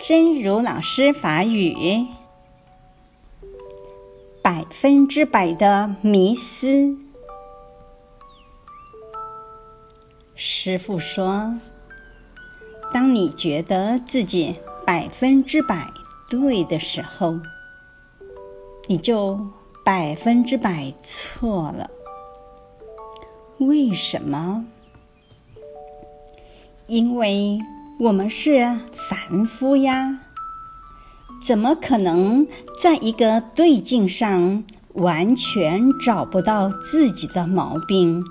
真如老師法語，百分之百的迷思。師父說：“當你覺得自己百分之百對的時候，你就百分之百錯了。為什麼？因為我們是法”凡夫呀，怎麼可能在一個對境上完全找不到自己的毛病，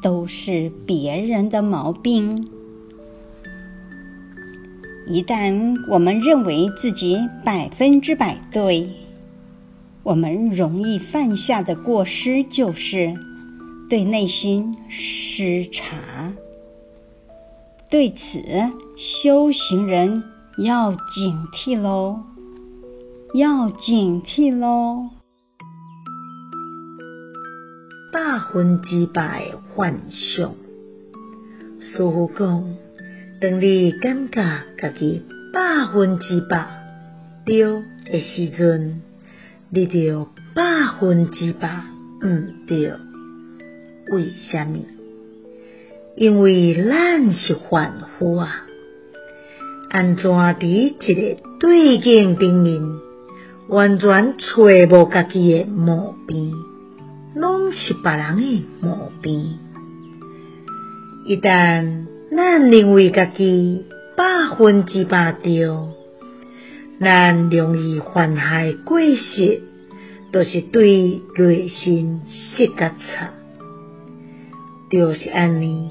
都是別人的毛病。一旦我們認為自己百分之百對，我們容易犯下的過失就是對內心失察。對此，修行人要警惕嘍，要警惕嘍。百分之百的幻想，師父講，當你感覺自己百分之百對的時陣，你就百分之百唔、嗯、對。為什麼？因為咱是凡夫啊，安怎佇一個對境頂面，完全揣無家己的毛病，攏是別人的毛病。一旦咱認為家己百分之百對，咱容易犯下過失，著、就是對內心失察，著、就是安尼。